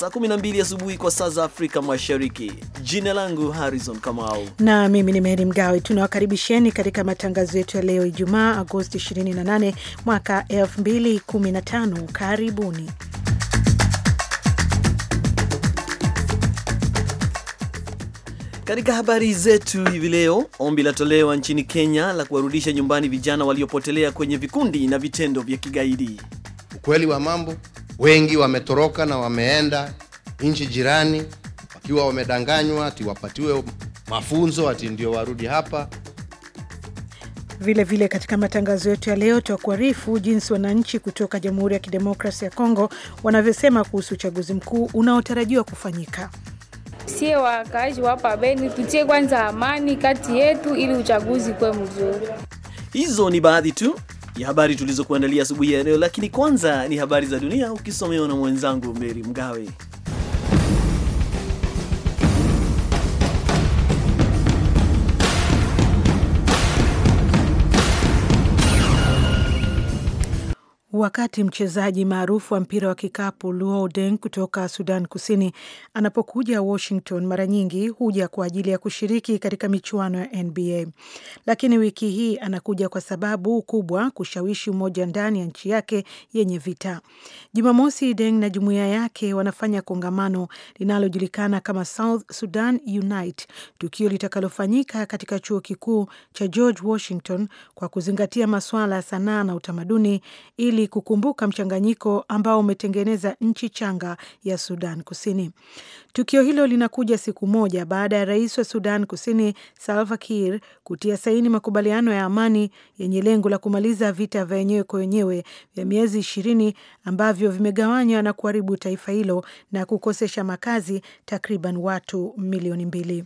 saa 12 asubuhi kwa saa za Afrika Mashariki. Jina langu Harrison Kamau na mimi ni Meri Mgawe. Tunawakaribisheni katika matangazo yetu ya leo Ijumaa, Agosti 28 mwaka 2015. Karibuni. Katika habari zetu hivi leo, ombi latolewa nchini Kenya la kuwarudisha nyumbani vijana waliopotelea kwenye vikundi na vitendo vya kigaidi. Ukweli wa mambo Wengi wametoroka na wameenda nchi jirani wakiwa wamedanganywa ati wapatiwe mafunzo ati ndio warudi hapa. Vilevile vile katika matangazo yetu ya leo kuharifu jinsi wananchi kutoka Jamhuri ya Kidemokrasia ya Kongo wanavyosema kuhusu uchaguzi mkuu unaotarajiwa kufanyika. Sie wakaaji hapa Beni, tutie kwanza amani kati yetu ili uchaguzi kuwe mzuri. Hizo ni baadhi tu ya habari tulizokuandalia asubuhi ya leo, lakini kwanza ni habari za dunia ukisomewa na mwenzangu Meri Mgawe. wakati mchezaji maarufu wa mpira wa kikapu Luol Deng kutoka Sudan Kusini anapokuja Washington, mara nyingi huja kwa ajili ya kushiriki katika michuano ya NBA, lakini wiki hii anakuja kwa sababu kubwa, kushawishi umoja ndani ya nchi yake yenye vita. Jumamosi, Deng na jumuiya yake wanafanya kongamano linalojulikana kama South Sudan Unite, tukio litakalofanyika katika chuo kikuu cha George Washington kwa kuzingatia masuala ya sanaa na utamaduni ili kukumbuka mchanganyiko ambao umetengeneza nchi changa ya Sudan Kusini. Tukio hilo linakuja siku moja baada ya rais wa Sudan Kusini Salva Kiir kutia saini makubaliano ya amani yenye lengo la kumaliza vita vya wenyewe kwa wenyewe vya miezi ishirini ambavyo vimegawanywa na kuharibu taifa hilo na kukosesha makazi takriban watu milioni mbili.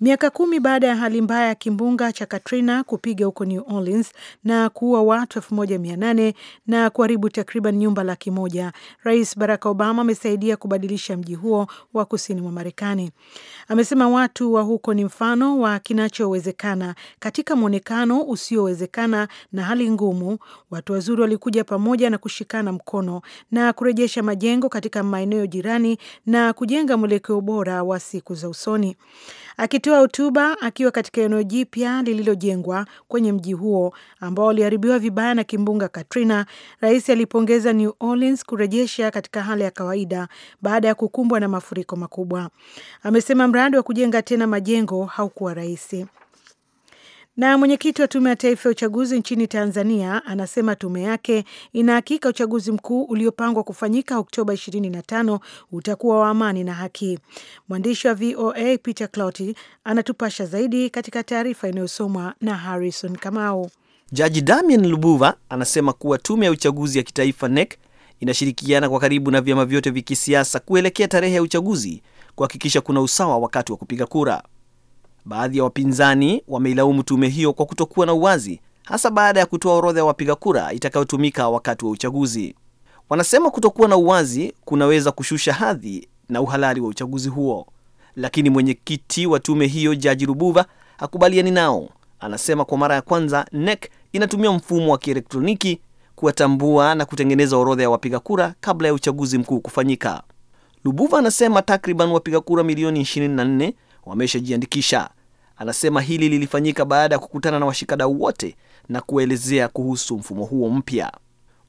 Miaka kumi baada ya hali mbaya ya kimbunga cha Katrina kupiga huko New Orleans na kuua watu elfu moja mia nane na kuharibu takriban nyumba laki moja, Rais Barack Obama amesaidia kubadilisha mji huo wa kusini mwa Marekani. Amesema watu wa huko ni mfano wa kinachowezekana katika mwonekano usiowezekana na hali ngumu. Watu wazuri walikuja pamoja na kushikana mkono na kurejesha majengo katika maeneo jirani na kujenga mwelekeo bora wa siku za usoni. Akitoa hotuba akiwa katika eneo jipya lililojengwa kwenye mji huo ambao uliharibiwa vibaya na kimbunga Katrina, rais alipongeza New Orleans kurejesha katika hali ya kawaida baada ya kukumbwa na mafuriko makubwa. Amesema mradi wa kujenga tena majengo haukuwa rahisi. Na mwenyekiti wa Tume ya Taifa ya Uchaguzi nchini Tanzania anasema tume yake inahakika uchaguzi mkuu uliopangwa kufanyika Oktoba 25 utakuwa wa amani na haki. Mwandishi wa VOA Peter Clouty anatupasha zaidi katika taarifa inayosomwa na Harrison Kamau. Jaji Damian Lubuva anasema kuwa tume ya uchaguzi ya kitaifa NEC inashirikiana kwa karibu na vyama vyote vya kisiasa kuelekea tarehe ya uchaguzi kuhakikisha kuna usawa wakati wa kupiga kura. Baadhi ya wapinzani wameilaumu tume hiyo kwa kutokuwa na uwazi, hasa baada ya kutoa orodha ya wapiga kura itakayotumika wakati wa uchaguzi. Wanasema kutokuwa na uwazi kunaweza kushusha hadhi na uhalali wa uchaguzi huo, lakini mwenyekiti wa tume hiyo Jaji Rubuva hakubaliani nao. Anasema kwa mara ya kwanza NEC inatumia mfumo wa kielektroniki kuwatambua na kutengeneza orodha ya wapiga kura kabla ya uchaguzi mkuu kufanyika. Lubuva anasema takriban wapiga kura milioni 24 wameshajiandikisha Anasema hili lilifanyika baada ya kukutana na washikadau wote na kuelezea kuhusu mfumo huo mpya.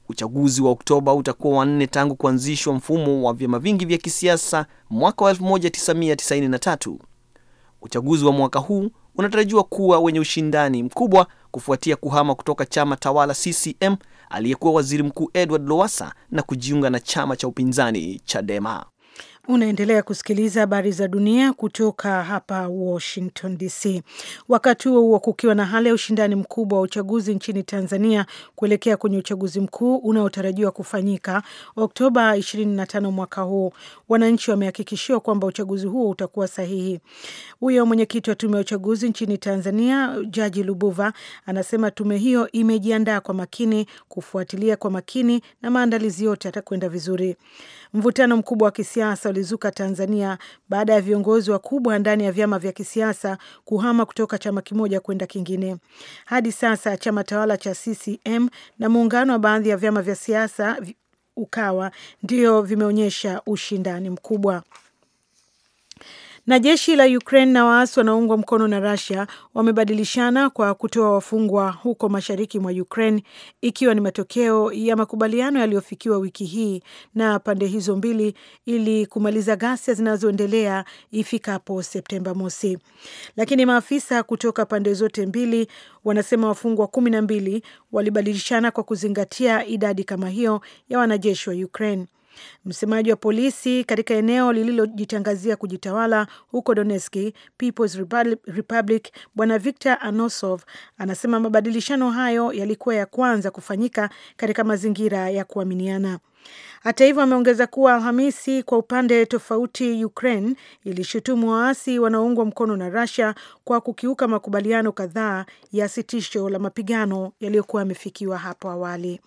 Uchaguzi wa Oktoba utakuwa wanne tangu kuanzishwa mfumo wa vyama vingi vya kisiasa mwaka wa 1993. Uchaguzi wa mwaka huu unatarajiwa kuwa wenye ushindani mkubwa kufuatia kuhama kutoka chama tawala CCM aliyekuwa waziri mkuu Edward Lowassa na kujiunga na chama cha upinzani Chadema. Unaendelea kusikiliza habari za dunia kutoka hapa Washington DC. Wakati huo huo, kukiwa na hali ya ushindani mkubwa wa uchaguzi nchini Tanzania kuelekea kwenye uchaguzi mkuu unaotarajiwa kufanyika Oktoba 25 mwaka huu, wananchi wamehakikishiwa kwamba uchaguzi huo utakuwa sahihi. Huyo mwenyekiti wa tume ya uchaguzi nchini Tanzania, Jaji Lubuva, anasema tume hiyo imejiandaa kwa makini kufuatilia kwa makini na maandalizi yote yatakwenda vizuri. Mvutano mkubwa wa kisiasa ulizuka Tanzania baada ya viongozi wakubwa ndani ya vyama vya kisiasa kuhama kutoka chama kimoja kwenda kingine. Hadi sasa chama tawala cha CCM na muungano wa baadhi ya vyama vya siasa Ukawa ndio vimeonyesha ushindani mkubwa. Na jeshi la Ukraine na waasi wanaoungwa mkono na Russia wamebadilishana kwa kutoa wafungwa huko mashariki mwa Ukraine, ikiwa ni matokeo ya makubaliano yaliyofikiwa wiki hii na pande hizo mbili ili kumaliza ghasia zinazoendelea ifikapo Septemba mosi. Lakini maafisa kutoka pande zote mbili wanasema wafungwa kumi na mbili walibadilishana kwa kuzingatia idadi kama hiyo ya wanajeshi wa Ukraine. Msemaji wa polisi katika eneo lililojitangazia kujitawala huko Donetski People's Republic, Bwana Victor Anosov anasema mabadilishano hayo yalikuwa ya kwanza kufanyika katika mazingira ya kuaminiana. Hata hivyo ameongeza kuwa Alhamisi, kwa upande tofauti, Ukraine ilishutumu waasi wanaoungwa mkono na Russia kwa kukiuka makubaliano kadhaa ya sitisho la mapigano yaliyokuwa yamefikiwa hapo awali.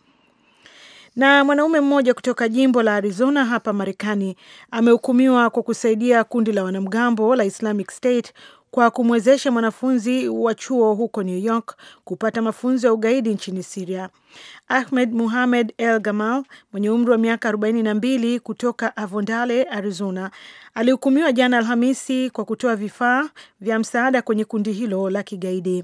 Na mwanaume mmoja kutoka jimbo la Arizona hapa Marekani amehukumiwa kwa kusaidia kundi la wanamgambo la Islamic State kwa kumwezesha mwanafunzi wa chuo huko New York kupata mafunzo ya ugaidi nchini Siria. Ahmed Muhamed El Gamal mwenye umri wa miaka 42 kutoka Avondale, Arizona, alihukumiwa jana Alhamisi kwa kutoa vifaa vya msaada kwenye kundi hilo la kigaidi.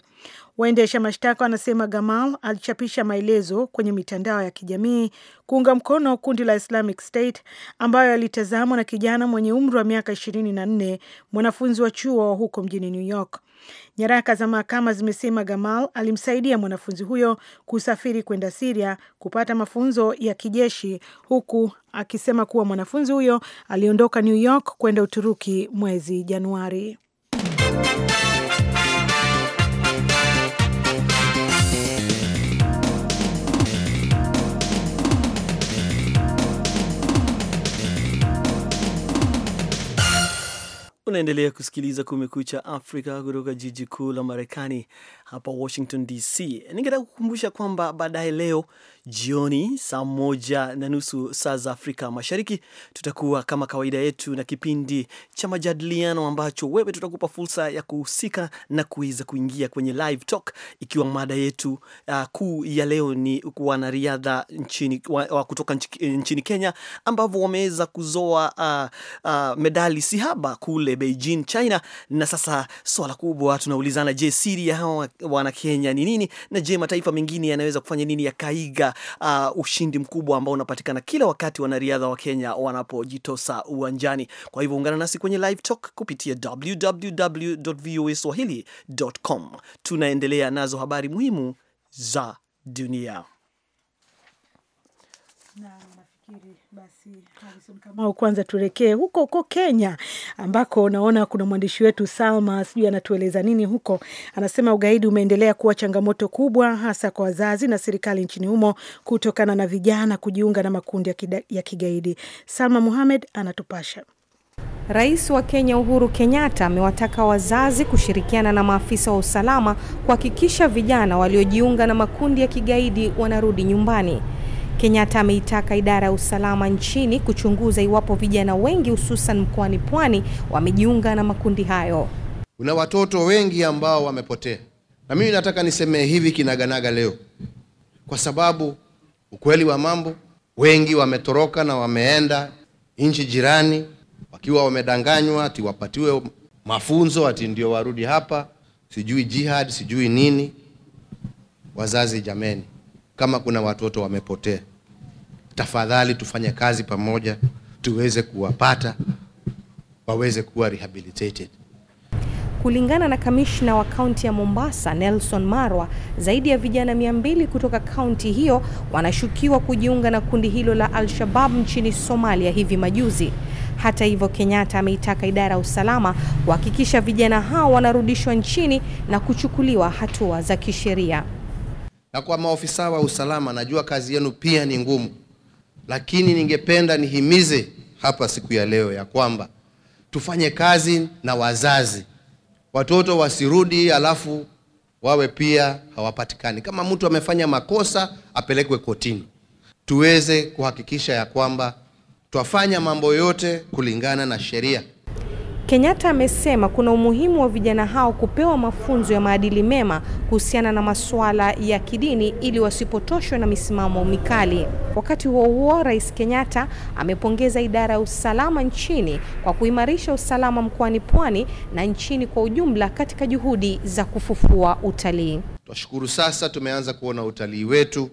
Waendesha mashtaka wanasema Gamal alichapisha maelezo kwenye mitandao ya kijamii kuunga mkono kundi la Islamic State ambayo alitazamwa na kijana mwenye umri wa miaka 24, mwanafunzi wa chuo huko mjini New York. Nyaraka za mahakama zimesema Gamal alimsaidia mwanafunzi huyo kusafiri kwenda Siria kupata mafunzo ya kijeshi, huku akisema kuwa mwanafunzi huyo aliondoka New York kwenda Uturuki mwezi Januari. Unaendelea kusikiliza Kumekucha Afrika kutoka jiji kuu la Marekani, hapa Washington DC. Ningetaka kukumbusha kwamba baadaye leo jioni saa moja na nusu saa za Afrika Mashariki tutakuwa kama kawaida yetu na kipindi cha majadiliano ambacho wewe tutakupa fursa ya kuhusika na kuweza kuingia kwenye live talk, ikiwa mada yetu uh, kuu ya leo ni wanariadha nchini, wa, wa kutoka nchini, nchini Kenya ambavyo wameweza kuzoa uh, uh, medali sihaba kule Beijing, China, na sasa swala kubwa tunaulizana, je, siri ya hawa Wanakenya ni nini, na je, mataifa mengine yanaweza kufanya nini yakaiga uh, ushindi mkubwa ambao unapatikana kila wakati wanariadha wa Kenya wanapojitosa uwanjani. Kwa hivyo ungana nasi kwenye live talk kupitia www.voaswahili.com. Tunaendelea nazo habari muhimu za dunia. Na nafikiri basi kwanza tuelekee huko huko Kenya ambako naona kuna mwandishi wetu Salma, sijui anatueleza nini huko. Anasema ugaidi umeendelea kuwa changamoto kubwa, hasa kwa wazazi na serikali nchini humo, kutokana na vijana kujiunga na makundi ya kigaidi. Salma Muhamed anatupasha. Rais wa Kenya Uhuru Kenyatta amewataka wazazi kushirikiana na maafisa wa usalama kuhakikisha vijana waliojiunga na makundi ya kigaidi wanarudi nyumbani. Kenyatta ameitaka idara ya usalama nchini kuchunguza iwapo vijana wengi hususan mkoani Pwani wamejiunga na makundi hayo. Kuna watoto wengi ambao wamepotea, na mimi nataka nisemee hivi kinaganaga leo, kwa sababu ukweli wa mambo, wengi wametoroka na wameenda nchi jirani wakiwa wamedanganywa, ati wapatiwe mafunzo, ati ndio warudi hapa, sijui jihad, sijui nini. Wazazi jameni, kama kuna watoto wamepotea, tafadhali tufanye kazi pamoja, tuweze kuwapata waweze kuwa rehabilitated. Kulingana na kamishna wa kaunti ya Mombasa Nelson Marwa, zaidi ya vijana mia mbili kutoka kaunti hiyo wanashukiwa kujiunga na kundi hilo la Al-Shabab nchini Somalia hivi majuzi. Hata hivyo, Kenyatta ameitaka idara ya usalama kuhakikisha vijana hao wanarudishwa nchini na kuchukuliwa hatua za kisheria. Na kwa maofisa wa usalama, najua kazi yenu pia ni ngumu, lakini ningependa nihimize hapa siku ya leo ya kwamba tufanye kazi na wazazi, watoto wasirudi alafu wawe pia hawapatikani. Kama mtu amefanya makosa apelekwe kotini, tuweze kuhakikisha ya kwamba twafanya mambo yote kulingana na sheria. Kenyatta amesema kuna umuhimu wa vijana hao kupewa mafunzo ya maadili mema kuhusiana na masuala ya kidini ili wasipotoshwe na misimamo mikali. Wakati huo huo, Rais Kenyatta amepongeza idara ya usalama nchini kwa kuimarisha usalama mkoani Pwani na nchini kwa ujumla katika juhudi za kufufua utalii. Twashukuru sasa tumeanza kuona utalii wetu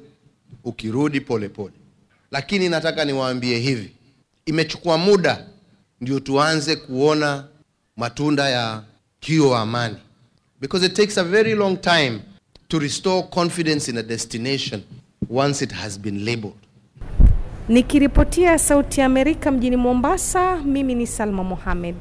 ukirudi polepole pole. Lakini nataka niwaambie hivi, imechukua muda ndio tuanze kuona matunda ya hiyo amani, because it takes a very long time to restore confidence in a destination once it has been labeled. Nikiripotia Sauti ya Amerika mjini Mombasa, mimi ni Salma Mohamed.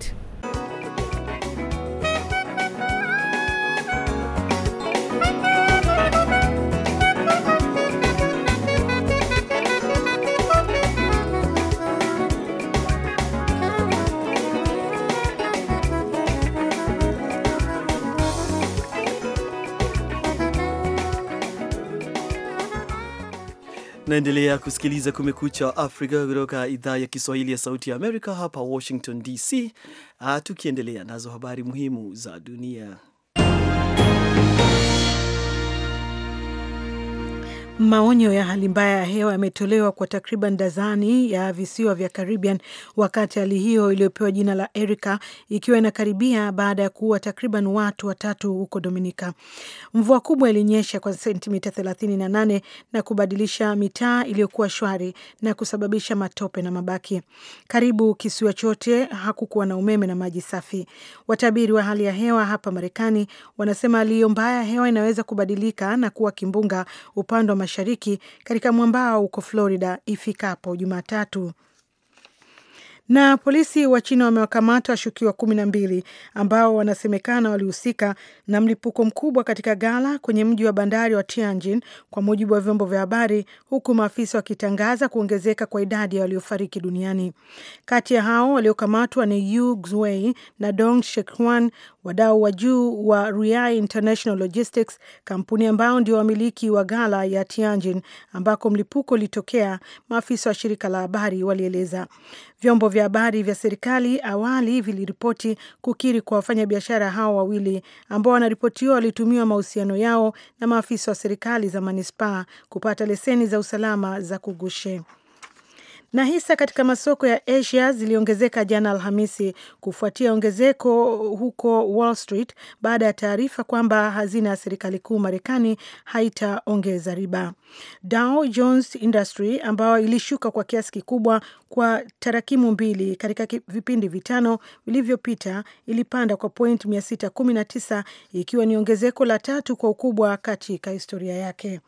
Naendelea kusikiliza Kumekucha Afrika kutoka idhaa ya Kiswahili ya Sauti ya Amerika hapa Washington DC, ah, tukiendelea nazo habari muhimu za dunia. Maonyo ya hali mbaya ya hewa yametolewa kwa takriban dazani ya visiwa vya Caribbean wakati hali hiyo iliyopewa jina la Erica ikiwa inakaribia baada ya kuua takriban watu watatu huko Dominica. Mvua kubwa ilinyesha kwa sentimita 38 na kubadilisha mitaa iliyokuwa shwari na kusababisha matope na mabaki. Karibu kisiwa chote hakukuwa na umeme na maji safi. Watabiri wa hali ya hewa hapa Marekani wanasema hali hiyo mbaya ya hewa inaweza kubadilika na kuwa kimbunga upande wa Mashariki katika mwambao huko Florida ifikapo Jumatatu. Na polisi wa China wamewakamata washukiwa kumi na mbili ambao wanasemekana walihusika na mlipuko mkubwa katika gala kwenye mji wa bandari wa Tianjin, kwa mujibu wa vyombo vya habari, huku maafisa wakitangaza kuongezeka kwa idadi ya waliofariki duniani. Kati ya hao waliokamatwa ni Yu Guwei na Dong Shekwan, wadau wa juu wa Ruai International Logistics, kampuni ambao ndio wamiliki wa gala ya Tianjin ambako mlipuko ulitokea, maafisa wa shirika la habari walieleza vyombo vya vya habari vya serikali awali viliripoti kukiri kwa wafanyabiashara hao wawili ambao wanaripotiwa walitumiwa mahusiano yao na maafisa wa serikali za manispaa kupata leseni za usalama za kugushe na hisa katika masoko ya Asia ziliongezeka jana Alhamisi kufuatia ongezeko huko Wall Street baada ya taarifa kwamba hazina ya serikali kuu Marekani haitaongeza riba. Dow Jones Industry ambayo ilishuka kwa kiasi kikubwa kwa tarakimu mbili katika vipindi vitano vilivyopita ilipanda kwa point 619 ikiwa ni ongezeko la tatu kwa ukubwa katika historia yake.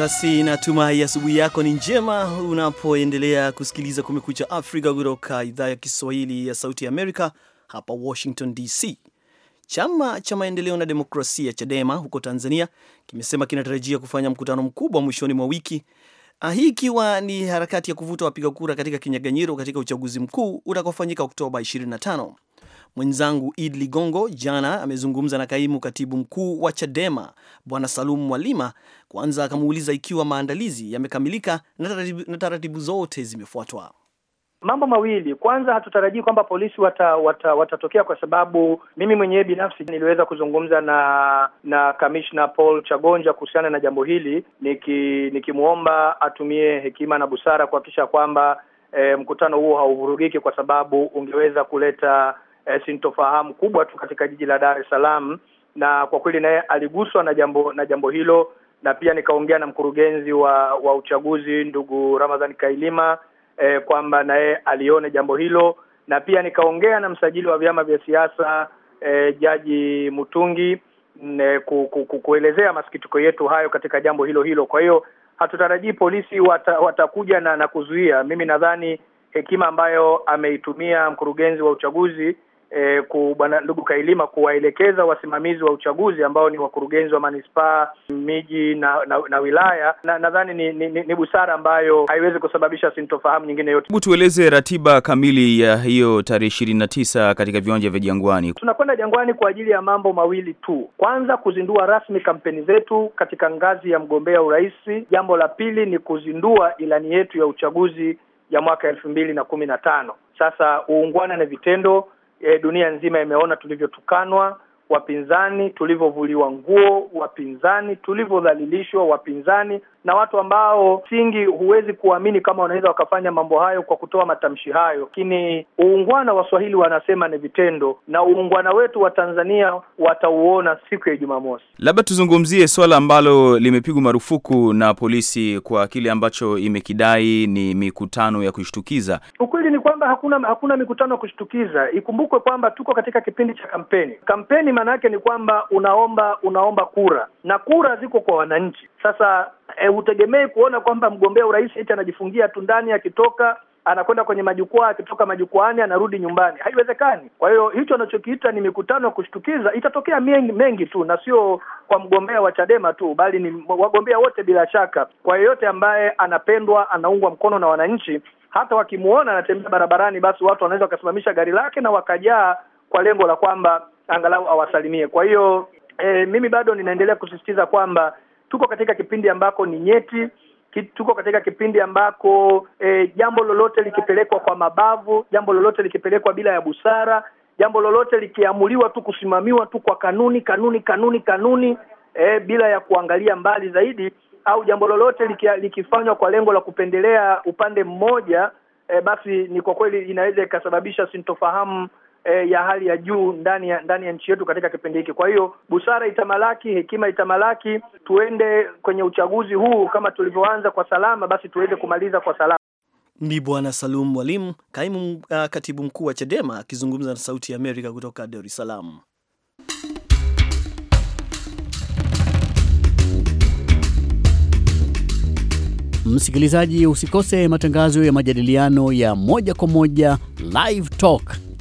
Basi natumai asubuhi yako ni njema unapoendelea kusikiliza Kumekucha Afrika kutoka idhaa ya Kiswahili ya Sauti Amerika hapa Washington DC. Chama cha Maendeleo na Demokrasia Chadema huko Tanzania kimesema kinatarajia kufanya mkutano mkubwa mwishoni mwa wiki, ah, hii ikiwa ni harakati ya kuvuta wapiga kura katika kinyaganyiro katika uchaguzi mkuu utakaofanyika Oktoba 25. Mwenzangu Id Ligongo jana amezungumza na kaimu katibu mkuu wa Chadema Bwana Salum Mwalima, kwanza akamuuliza ikiwa maandalizi yamekamilika na taratibu zote zimefuatwa. Mambo mawili. Kwanza, hatutarajii kwamba polisi watatokea wata, wata kwa sababu mimi mwenyewe binafsi niliweza kuzungumza na na kamishna Paul Chagonja kuhusiana na jambo hili, niki nikimwomba atumie hekima na busara kuhakikisha kwamba e, mkutano huo hauvurugiki, kwa sababu ungeweza kuleta e, sintofahamu kubwa tu katika jiji la Dar es Salaam, na kwa kweli naye aliguswa na jambo na jambo hilo, na pia nikaongea na mkurugenzi wa wa uchaguzi ndugu Ramadhan Kailima eh, kwamba naye alione jambo hilo, na pia nikaongea na msajili wa vyama vya siasa eh, Jaji Mutungi ne, mm, eh, ku, ku, ku, kuelezea masikitiko yetu hayo katika jambo hilo hilo. Kwa hiyo hatutarajii polisi wata, watakuja na, na kuzuia. Mimi nadhani hekima ambayo ameitumia mkurugenzi wa uchaguzi E, bwana ndugu Kailima kuwaelekeza wasimamizi wa uchaguzi ambao ni wakurugenzi wa manispaa miji na, na, na wilaya na nadhani ni, ni, ni busara ambayo haiwezi kusababisha sintofahamu nyingine yote. Hebu tueleze ratiba kamili ya hiyo tarehe ishirini na tisa katika viwanja vya Jangwani. Tunakwenda Jangwani kwa ajili ya mambo mawili tu, kwanza kuzindua rasmi kampeni zetu katika ngazi ya mgombea urais, jambo la pili ni kuzindua ilani yetu ya uchaguzi ya mwaka elfu mbili na kumi na tano. Sasa uungwana na vitendo e, dunia nzima imeona tulivyotukanwa wapinzani tulivyovuliwa nguo, wapinzani tulivyodhalilishwa, wapinzani na watu ambao singi huwezi kuamini kama wanaweza wakafanya mambo hayo kwa kutoa matamshi hayo. Lakini uungwana waswahili wanasema ni vitendo, na uungwana wetu wa Tanzania watauona siku ya Jumamosi. Labda tuzungumzie swala ambalo limepigwa marufuku na polisi kwa kile ambacho imekidai ni mikutano ya kushtukiza. Ukweli ni kwamba hakuna hakuna mikutano ya kushtukiza. Ikumbukwe kwamba tuko katika kipindi cha kampeni kampeni maana yake ni kwamba unaomba unaomba kura na kura ziko kwa wananchi. Sasa e, hutegemei e, kuona kwamba mgombea urais eti anajifungia tu ndani akitoka anakwenda kwenye majukwaa, akitoka majukwaani anarudi nyumbani, haiwezekani. Kwa hiyo hicho anachokiita ni mikutano ya kushtukiza itatokea mengi, mengi tu na sio kwa mgombea wa Chadema tu, bali ni wagombea wote bila shaka, kwa yeyote ambaye anapendwa, anaungwa mkono na wananchi. Hata wakimuona anatembea barabarani, basi watu wanaweza wakasimamisha gari lake na wakajaa kwa lengo la kwamba angalau awasalimie. Kwa hiyo e, mimi bado ninaendelea kusisitiza kwamba tuko katika kipindi ambako ni nyeti, tuko katika kipindi ambako e, jambo lolote likipelekwa kwa mabavu, jambo lolote likipelekwa bila ya busara, jambo lolote likiamuliwa tu kusimamiwa tu kwa kanuni kanuni kanuni kanuni e, bila ya kuangalia mbali zaidi au jambo lolote likifanywa kwa lengo la kupendelea upande mmoja e, basi ni kwa kweli inaweza ikasababisha sintofahamu e, ya hali ya juu ndani ya ndani ya nchi yetu katika kipindi hiki. Kwa hiyo busara itamalaki, hekima itamalaki, tuende kwenye uchaguzi huu kama tulivyoanza kwa salama, basi tuweze kumaliza kwa salama. Ni Bwana Salum Mwalimu, kaimu uh, katibu mkuu wa Chadema akizungumza na Sauti ya Amerika kutoka Dar es Salaam. Msikilizaji, usikose matangazo ya majadiliano ya moja kwa moja Live Talk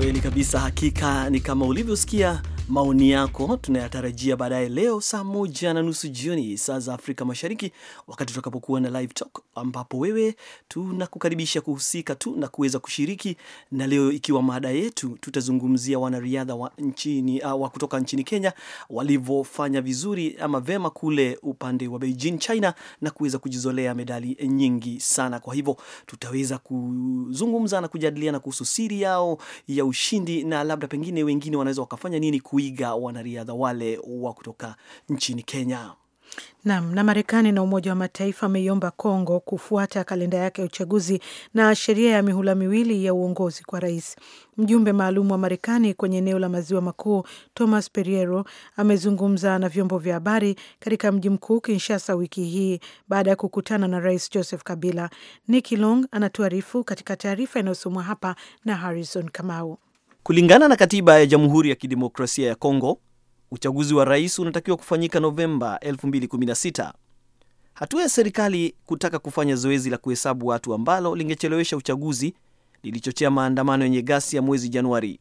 Kweli kabisa, hakika ni kama ulivyosikia Maoni yako tunayatarajia baadaye leo saa moja na nusu jioni saa za Afrika Mashariki, wakati tutakapokuwa na live talk, ambapo wewe tunakukaribisha kuhusika tu na kuweza kushiriki. Na leo ikiwa mada yetu, tutazungumzia wanariadha wa, nchini, ah, wa kutoka nchini Kenya walivyofanya vizuri ama vema kule upande wa Beijing, China na kuweza kujizolea medali nyingi sana. Kwa hivyo tutaweza kuzungumza na kujadiliana kuhusu siri yao ya ushindi na labda pengine wengine wanaweza wakafanya nini ku kuiga wanariadha wale wa kutoka nchini Kenya. Nam na Marekani na Umoja wa Mataifa ameiomba Kongo kufuata kalenda yake ya uchaguzi na sheria ya mihula miwili ya uongozi kwa rais. Mjumbe maalum wa Marekani kwenye eneo la maziwa makuu Thomas Periero amezungumza na vyombo vya habari katika mji mkuu Kinshasa wiki hii baada ya kukutana na Rais Joseph Kabila. Niki Long anatuarifu katika taarifa inayosomwa hapa na Harrison Kamau. Kulingana na katiba ya Jamhuri ya Kidemokrasia ya Kongo, uchaguzi wa rais unatakiwa kufanyika Novemba 2016. Hatua ya serikali kutaka kufanya zoezi la kuhesabu watu ambalo lingechelewesha uchaguzi lilichochea maandamano yenye ghasia mwezi Januari.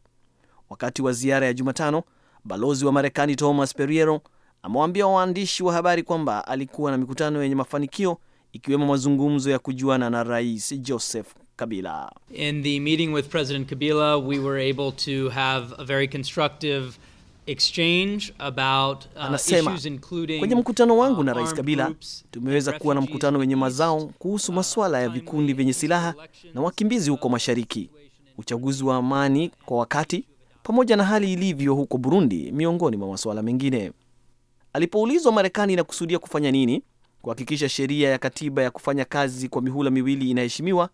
Wakati wa ziara ya Jumatano, balozi wa Marekani Thomas Periero amewaambia waandishi wa habari kwamba alikuwa na mikutano yenye mafanikio ikiwemo mazungumzo ya kujuana na Rais Joseph Kabila. In the meeting with President Kabila, we were able to have a very constructive exchange about, uh, anasema issues including, kwenye mkutano wangu uh, na Rais Kabila tumeweza kuwa na mkutano wenye mazao kuhusu masuala ya vikundi vyenye silaha na wakimbizi huko mashariki, uchaguzi wa amani kwa wakati, pamoja na hali ilivyo huko Burundi, miongoni mwa masuala mengine. Alipoulizwa Marekani inakusudia kufanya nini kuhakikisha sheria ya katiba ya kufanya kazi kwa mihula miwili inaheshimiwa,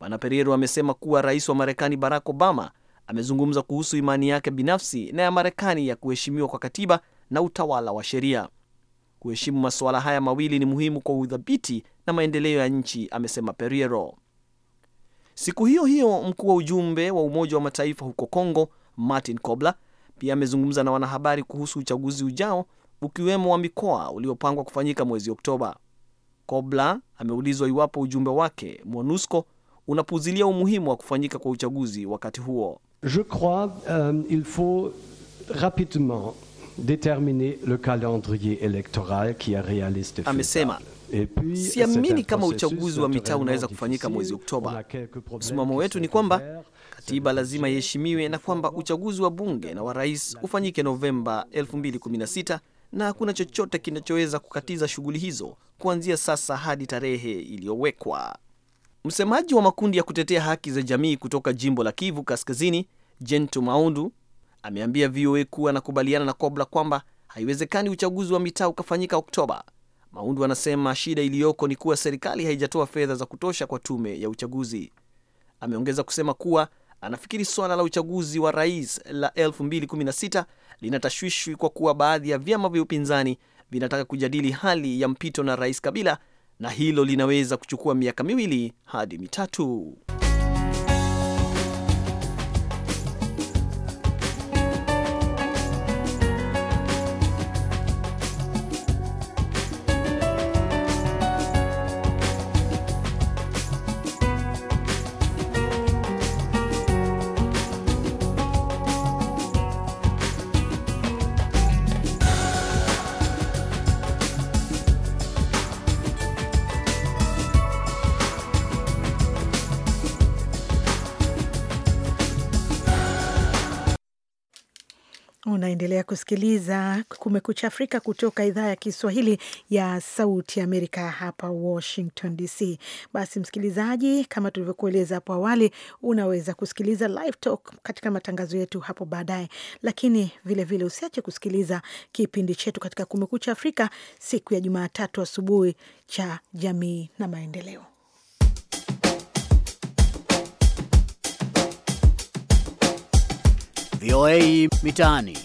Bwana Periero amesema kuwa rais wa Marekani Barack Obama amezungumza kuhusu imani yake binafsi na ya Marekani ya kuheshimiwa kwa katiba na utawala wa sheria. Kuheshimu masuala haya mawili ni muhimu kwa udhabiti na maendeleo ya nchi, amesema Periero. Siku hiyo hiyo, mkuu wa ujumbe wa Umoja wa Mataifa huko Kongo Martin Kobler pia amezungumza na wanahabari kuhusu uchaguzi ujao ukiwemo wa mikoa uliopangwa kufanyika mwezi Oktoba. Kobler ameulizwa iwapo ujumbe wake MONUSCO unapuzilia umuhimu wa kufanyika kwa uchaguzi wakati huo. Je crois, um, il faut rapidement déterminer le calendrier electoral qui est réaliste. Amesema siamini kama uchaguzi wa mitaa unaweza kufanyika mwezi Oktoba. Msimamo wetu ni kwamba katiba lazima iheshimiwe na kwamba uchaguzi wa bunge na wa rais ufanyike Novemba 2016 na hakuna chochote kinachoweza kukatiza shughuli hizo kuanzia sasa hadi tarehe iliyowekwa. Msemaji wa makundi ya kutetea haki za jamii kutoka jimbo la Kivu Kaskazini, Jento Maundu, ameambia VOA kuwa anakubaliana na Kobla kwamba haiwezekani uchaguzi wa mitaa ukafanyika Oktoba. Maundu anasema shida iliyoko ni kuwa serikali haijatoa fedha za kutosha kwa tume ya uchaguzi. Ameongeza kusema kuwa anafikiri swala la uchaguzi wa rais la 2016 linatashwishwi kwa kuwa baadhi ya vyama vya upinzani vinataka kujadili hali ya mpito na Rais Kabila na hilo linaweza kuchukua miaka miwili hadi mitatu. kusikiliza Kumekucha Afrika kutoka idhaa ya Kiswahili ya Sauti Amerika hapa Washington DC. Basi msikilizaji, kama tulivyokueleza hapo awali, unaweza kusikiliza Live Talk katika matangazo yetu hapo baadaye, lakini vilevile usiache kusikiliza kipindi chetu katika Kumekucha Afrika siku ya Jumatatu asubuhi cha Jamii na Maendeleo. VOA Mitaani.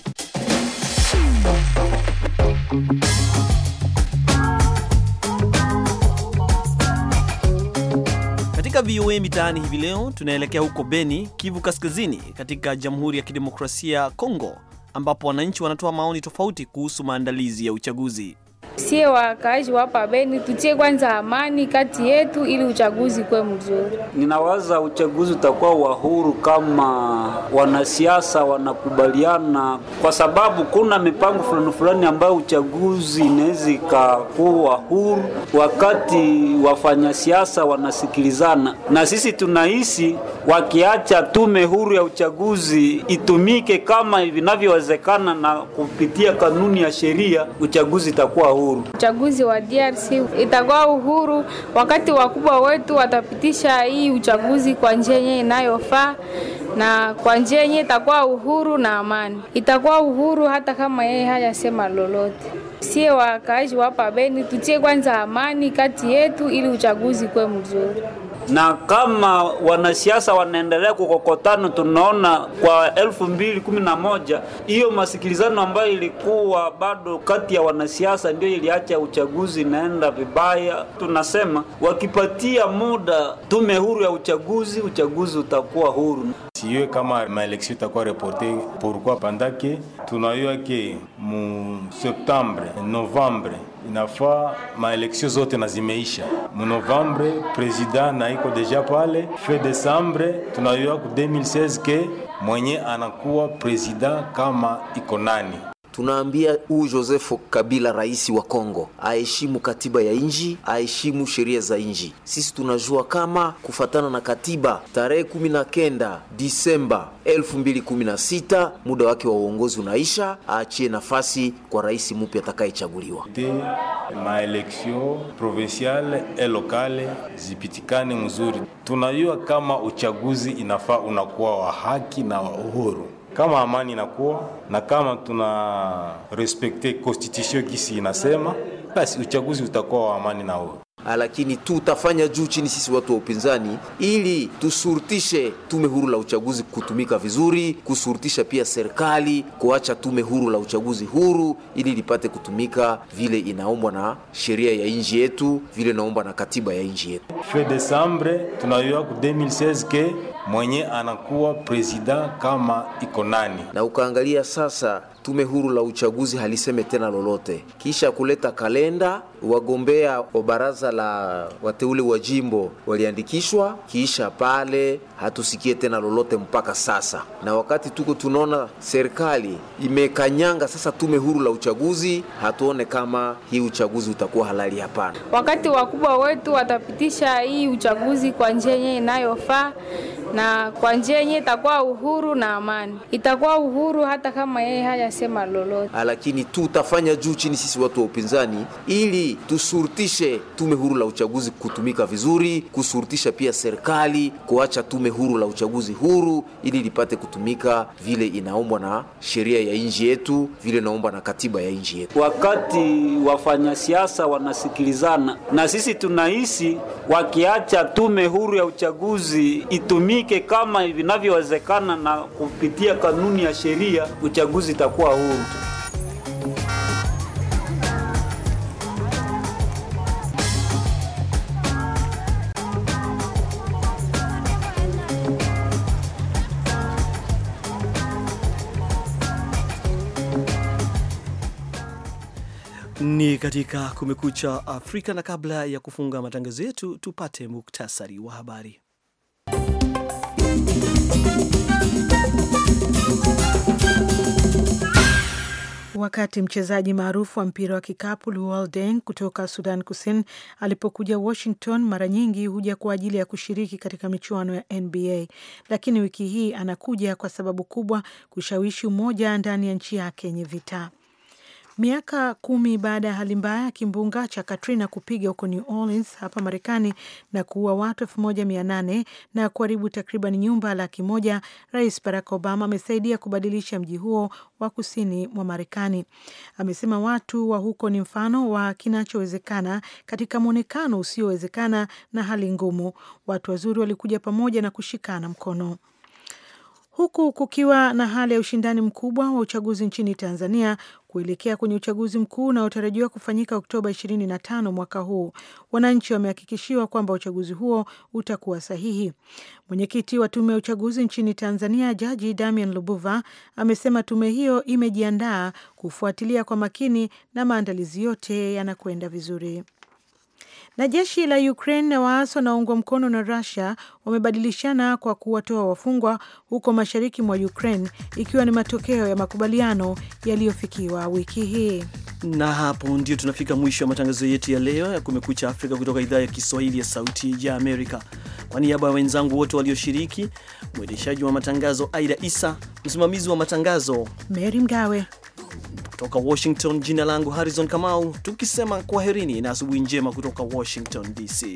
Katika VOA Mitaani hivi leo tunaelekea huko Beni, Kivu Kaskazini, katika Jamhuri ya Kidemokrasia ya Kongo, ambapo wananchi wanatoa maoni tofauti kuhusu maandalizi ya uchaguzi. Sie wakaaji wapa Beni, tutie kwanza amani kati yetu ili uchaguzi kwe mzuri. Ninawaza uchaguzi utakuwa wa huru kama wanasiasa wanakubaliana, kwa sababu kuna mipango fulani fulani ambayo uchaguzi inaweza ikakuwa huru wakati wafanyasiasa wanasikilizana, na sisi tunahisi wakiacha tume huru ya uchaguzi itumike kama vinavyowezekana na kupitia kanuni ya sheria, uchaguzi itakuwa huru uhuru. Uchaguzi wa DRC itakuwa uhuru wakati wakubwa wetu watapitisha hii uchaguzi kwa njia yenye inayofaa na kwa njia yenye itakuwa uhuru na amani. Itakuwa uhuru hata kama yeye hajasema lolote. Sie wakaaji wapa Beni tutie kwanza amani kati yetu, ili uchaguzi kuwe mzuri na kama wanasiasa wanaendelea kukokotana, tunaona kwa elfu mbili kumi na moja hiyo masikilizano ambayo ilikuwa bado kati ya wanasiasa ndio iliacha uchaguzi inaenda vibaya. Tunasema wakipatia muda tume huru ya uchaguzi, uchaguzi utakuwa huru. Siyo kama maeleksio itakuwa reporte pourquoi, pandake tunayua ke mu septembre novembre inafaa maeleksio zote na zimeisha munovambre, presida na iko deja pale. Fe desambre tunayua ku 2016 ke mwenye anakuwa presida kama iko nani tunaambia huyu Josefu Kabila, rais wa Kongo, aheshimu katiba ya nji aheshimu sheria za nji Sisi tunajua kama kufatana na katiba, tarehe kumi na kenda Disemba elfu mbili kumi na sita muda wake wa uongozi unaisha, aachie nafasi kwa rais mpya atakayechaguliwa. Maeleksio provinciale e lokale zipitikane mzuri. Tunajua kama uchaguzi inafaa unakuwa wa haki na wa uhuru kama amani inakuwa na kama tuna respecte constitution gisi inasema, basi uchaguzi utakuwa wa amani na uhuru ah, lakini tutafanya juu chini sisi watu wa upinzani ili tusurutishe tume huru la uchaguzi kutumika vizuri, kusurutisha pia serikali kuacha tume huru la uchaguzi huru ili lipate kutumika vile inaombwa na sheria ya nchi yetu, vile inaombwa na katiba ya nchi yetu. fe desambre ku 2016 ke mwenye anakuwa presida kama iko nani, na ukaangalia sasa tume huru la uchaguzi haliseme tena lolote, kisha kuleta kalenda. Wagombea wa baraza la wateule wa jimbo waliandikishwa, kisha pale hatusikie tena lolote mpaka sasa, na wakati tuko tunaona serikali imekanyanga sasa tume huru la uchaguzi, hatuone kama hii uchaguzi utakuwa halali. Hapana, wakati wakubwa wetu watapitisha hii uchaguzi kwa njia yenye inayofaa na kwa njia yenye itakuwa uhuru na amani, itakuwa uhuru hata kama yeye haya hawajasema lolote, ah, lakini tutafanya juu chini sisi watu wa upinzani ili tusurutishe tume huru la uchaguzi kutumika vizuri, kusurutisha pia serikali kuacha tume huru la uchaguzi huru ili lipate kutumika vile inaombwa na sheria ya nchi yetu, vile inaombwa na katiba ya nchi yetu. Wakati wafanyasiasa wanasikilizana na sisi tunahisi wakiacha tume huru ya uchaguzi itumike kama vinavyowezekana na kupitia kanuni ya sheria, uchaguzi itakuwa kuwa huru. Ni katika Kumekucha Afrika, na kabla ya kufunga matangazo yetu tupate muktasari wa habari. Wakati mchezaji maarufu wa mpira wa kikapu Luol Deng kutoka Sudan Kusini alipokuja Washington, mara nyingi huja kwa ajili ya kushiriki katika michuano ya NBA, lakini wiki hii anakuja kwa sababu kubwa, kushawishi umoja ndani ya nchi yake yenye vita. Miaka kumi baada ya hali mbaya ya kimbunga cha Katrina kupiga huko New Orleans hapa Marekani na kuua watu elfu moja mia nane na kuharibu takriban nyumba laki moja, Rais Barack Obama amesaidia kubadilisha mji huo wa kusini mwa Marekani. Amesema watu wa huko ni mfano wa kinachowezekana katika mwonekano usiowezekana na hali ngumu. Watu wazuri walikuja pamoja na kushikana mkono. Huku kukiwa na hali ya ushindani mkubwa wa uchaguzi nchini Tanzania, kuelekea kwenye uchaguzi mkuu unaotarajiwa kufanyika Oktoba 25 mwaka huu. Wananchi wamehakikishiwa kwamba uchaguzi huo utakuwa sahihi. Mwenyekiti wa tume ya uchaguzi nchini Tanzania, Jaji Damian Lubuva, amesema tume hiyo imejiandaa kufuatilia kwa makini na maandalizi yote yanakwenda vizuri. Na jeshi la Ukraine na waasi wanaoungwa mkono na Russia wamebadilishana kwa kuwatoa wafungwa huko mashariki mwa Ukraine, ikiwa ni matokeo ya makubaliano yaliyofikiwa wiki hii. Na hapo ndio tunafika mwisho wa matangazo yetu ya leo ya Kumekucha Afrika kutoka idhaa ya Kiswahili ya Sauti ya Amerika. Kwa niaba ya wenzangu wote walioshiriki, mwendeshaji wa matangazo Aida Isa, msimamizi wa matangazo Meri Mgawe kutoka Washington, jina langu Harrison Kamau, tukisema kwaherini na asubuhi njema kutoka Washington DC.